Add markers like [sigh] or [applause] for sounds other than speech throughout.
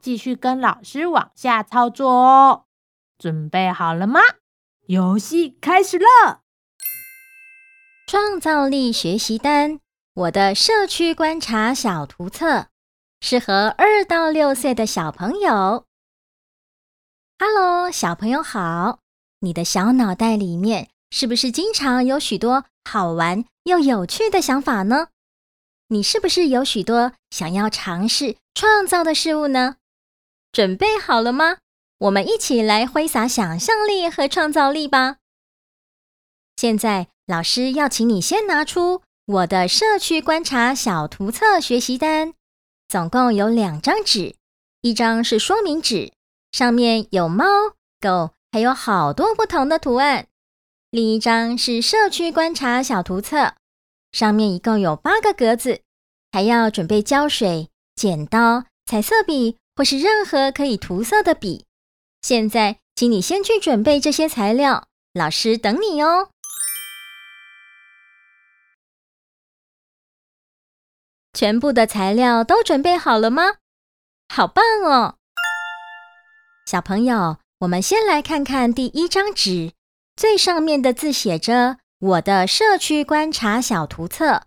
繼續跟老師往下操作哦，準備好了嗎？遊戲開始了！創造力學習單，我的社區觀察小圖冊，適合二到六歲的小朋友。Hello，小朋友好！你的小腦袋裡面是不是經常有許多好玩又有趣的想法呢？你是不是有許多想要嘗試創造的事物呢？準備好了嗎？我們一起來揮灑想象力和創造力吧！現在，老師要請你先拿出我的社區觀察小圖冊學習單，總共有兩張紙，一張是說明紙，上面有貓、狗，還有好多不同的圖案；另一張是社區觀察小圖冊，上面一共有八個格子，還要準備膠水、剪刀、彩色筆。或是任何可以塗色的筆。現在，請你先去準備這些材料，老師等你哦。 [noise] 全部的材料都準備好了嗎？好棒哦！小朋友，我們先來看看第一張紙，最上面的字寫着“我的社區觀察小圖冊”。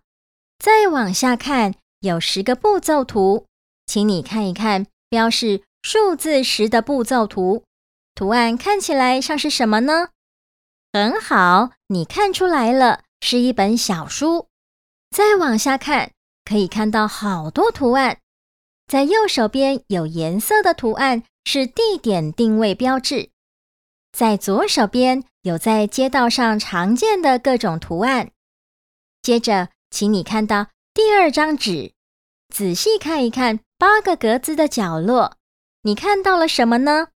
再往下看，有十個步驟圖，請你看一看。標示數字十的步驟圖，圖，圖案看起來像是什麼呢？很好，你看出來了，是一本小書。再往下看，可以看到好多圖案。在右手邊有顏色的圖案是地點定位標誌，在左手邊有在街道上常見的各種圖案。接着，請你看到第二張紙，仔細看一看。八個格子的角落，你看到了什麼呢？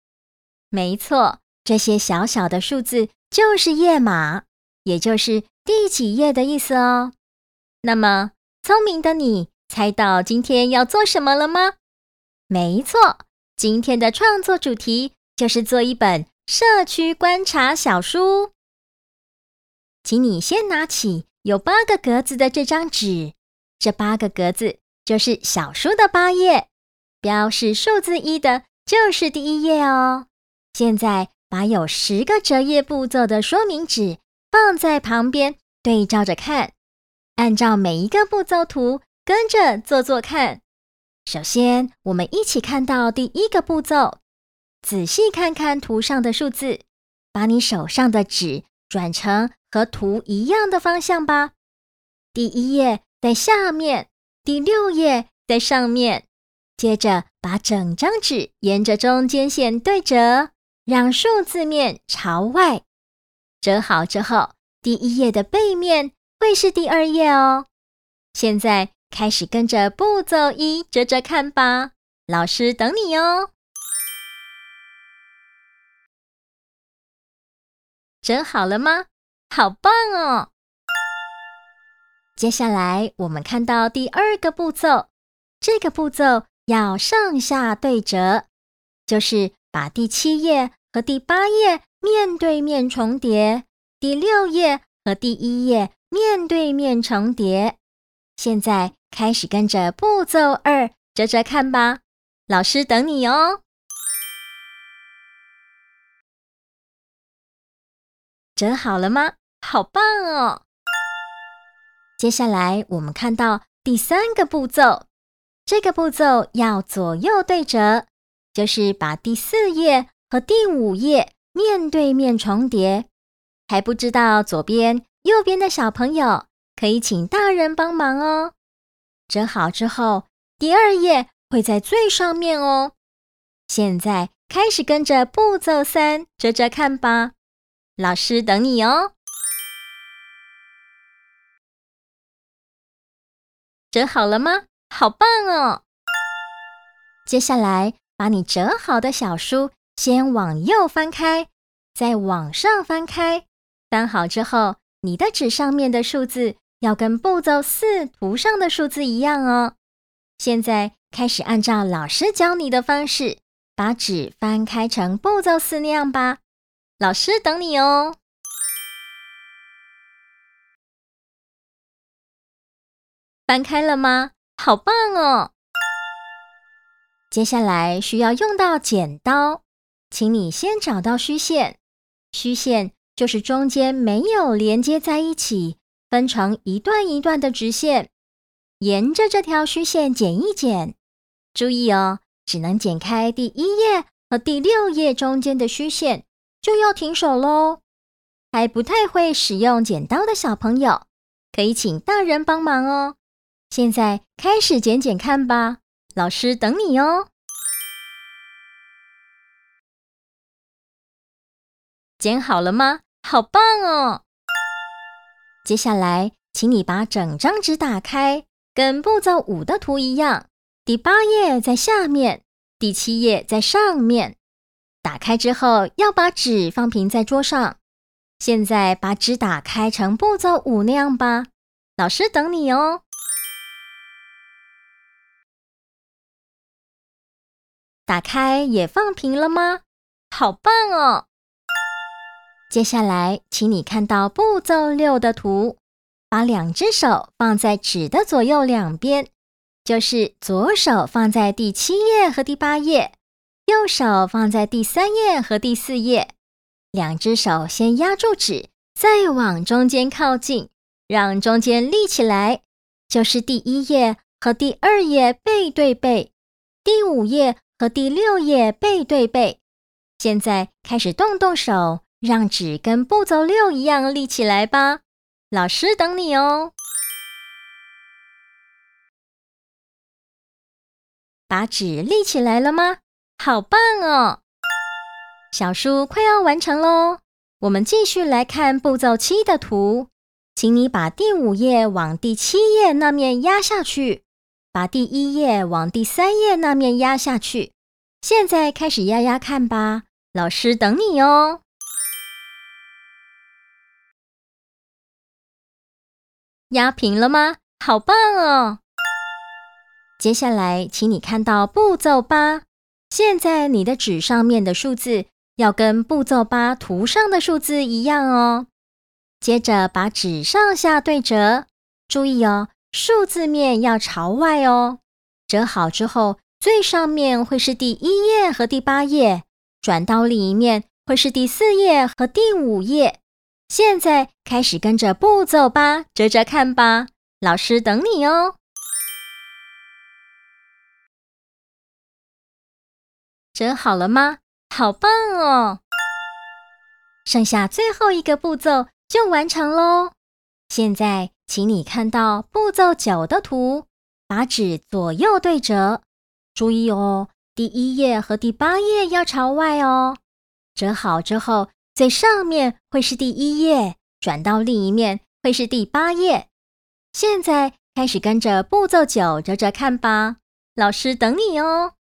沒錯，這些小小的數字就是頁碼，也就是第幾頁的意思哦。那麼，聰明的你猜到今天要做什麼了嗎？沒錯，今天的創作主題就是做一本社區觀察小書。請你先拿起有八個格子的這張紙，這八個格子。就是小書的八頁，標示數字一的，就是第一頁哦。現在把有十個折頁步驟的說明紙放在旁邊，對照着看，按照每一個步驟圖跟着做做看。首先，我們一起看到第一個步驟，仔細看看圖上的數字，把你手上的紙轉成和圖一樣的方向吧。第一頁在下面。第六頁在上面，接着把整張紙沿着中間線對折，讓數字面朝外。折好之後，第一頁的背面會是第二頁哦。現在開始跟着步驟一折折看吧，老師等你哦。折好了嗎？好棒哦！接下來，我們看到第二個步驟，這個步驟要上下對折，就是把第七頁和第八頁面對面重疊，第六頁和第一頁面對面重疊。現在開始跟着步驟二折折看吧，老師等你哦。折好了嗎？好棒哦！接下來，我們看到第三個步驟，這個步驟要左右對折，就是把第四頁和第五頁面對面重疊。還不知道左邊、右邊的小朋友，可以請大人幫忙哦。折好之後，第二頁會在最上面哦。現在開始跟着步驟三折折看吧，老師等你哦。折好了嗎？好棒哦！接下來，把你折好的小書先往右翻開，再往上翻開。翻好之後，你的紙上面的數字要跟步驟四圖上的數字一樣哦。現在開始按照老師教你的方式，把紙翻開成步驟四那樣吧。老師等你哦。翻開了嗎？好棒哦！接下來，需要用到剪刀，請你先找到虛線，虛線就是中間沒有連接在一起，分成一段一段的直線。沿着這條虛線剪一剪，注意哦，只能剪開第一頁和第六頁中間的虛線，就要停手嘍。還不太會使用剪刀的小朋友，可以請大人幫忙哦。現在開始剪剪看吧，老師等你哦。剪好了嗎？好棒哦！接下來，請你把整張紙打開，跟步驟五的圖一樣。第八頁在下面，第七頁在上面。打開之後，要把紙放平在桌上。現在把紙打開成步驟五那樣吧，老師等你哦。打開也放平了嗎？好棒哦！接下來，請你看到步驟六的圖，把兩隻手放在紙的左右兩邊，就是左手放在第七頁和第八頁，右手放在第三頁和第四頁。兩隻手先壓住紙，再往中間靠近，讓中間立起來，就是第一頁和第二頁背對背，第五頁。和第六頁背對背，現在開始動動手，讓紙跟步驟六一樣立起來吧。老師等你哦。把紙立起來了嗎？好棒哦！小書快要完成嘍，我們繼續來看步驟七的圖。請你把第五頁往第七頁那面壓下去。把第一頁往第三頁那面壓下去。現在開始壓壓看吧，老師等你哦。壓平了嗎？好棒哦！接下來，請你看到步驟八。現在你的紙上面的數字要跟步驟八圖上的數字一樣哦。接着把紙上下對折，注意哦。數字面要朝外哦。折好之後，最上面會是第一頁和第八頁，轉到另一面會是第四頁和第五頁。現在開始跟着步驟吧，折折看吧。老師等你哦。折好了嗎？好棒哦！剩下最後一個步驟就完成嘍。現在，請你看到步驟九的圖，把紙左右對折，注意哦，第一頁和第八頁要朝外哦。折好之後，最上面會是第一頁，轉到另一面會是第八頁。現在開始跟着步驟九折折看吧，老師等你哦。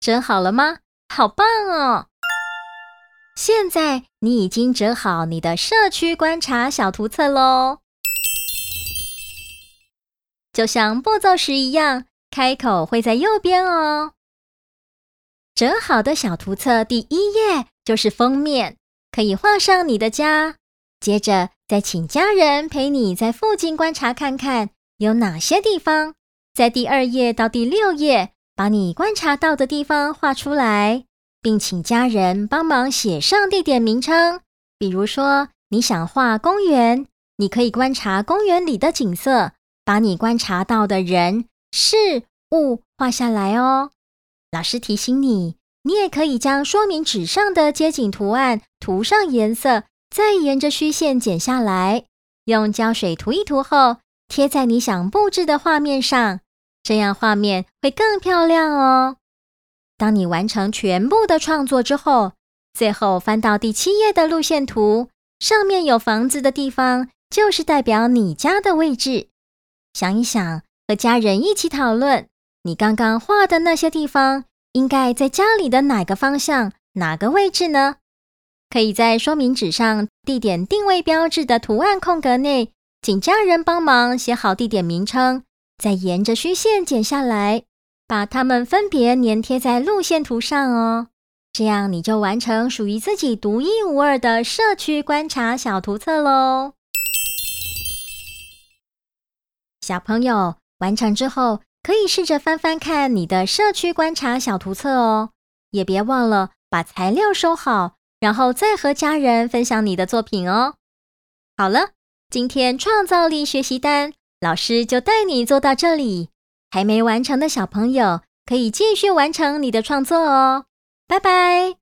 折好了嗎？好棒哦！現在你已經折好你的社區觀察小圖冊嘍，就像步驟時一樣，開口會在右邊哦。折好的小圖冊第一頁就是封面，可以畫上你的家。接着再請家人陪你在附近觀察看看有哪些地方，在第二頁到第六頁把你觀察到的地方畫出來。並請家人幫忙寫上地點名稱，比如說你想畫公園，你可以觀察公園裡的景色，把你觀察到的人、事物畫下來哦。老師提醒你，你也可以將說明紙上的街景圖案塗上顏色，再沿着虛線剪下來，用膠水塗一塗後貼在你想布置的畫面上，這樣畫面會更漂亮哦。當你完成全部的創作之後，最後翻到第七頁的路線圖，上面有房子的地方，就是代表你家的位置。想一想，和家人一起討論，你剛剛畫的那些地方，應該在家裡的哪個方向、哪個位置呢？可以在說明紙上地點定位標誌的圖案空格內，請家人幫忙寫好地點名稱，再沿着虛線剪下來。把它們分別粘貼在路線圖上哦，這樣你就完成屬於自己獨一無二的社區觀察小圖冊嘍。小朋友完成之後，可以試着翻翻看你的社區觀察小圖冊哦，也別忘了把材料收好，然後再和家人分享你的作品哦。好了，今天創造力學習單，老師就帶你做到這裡。還沒完成的小朋友，可以繼續完成你的創作哦！拜拜。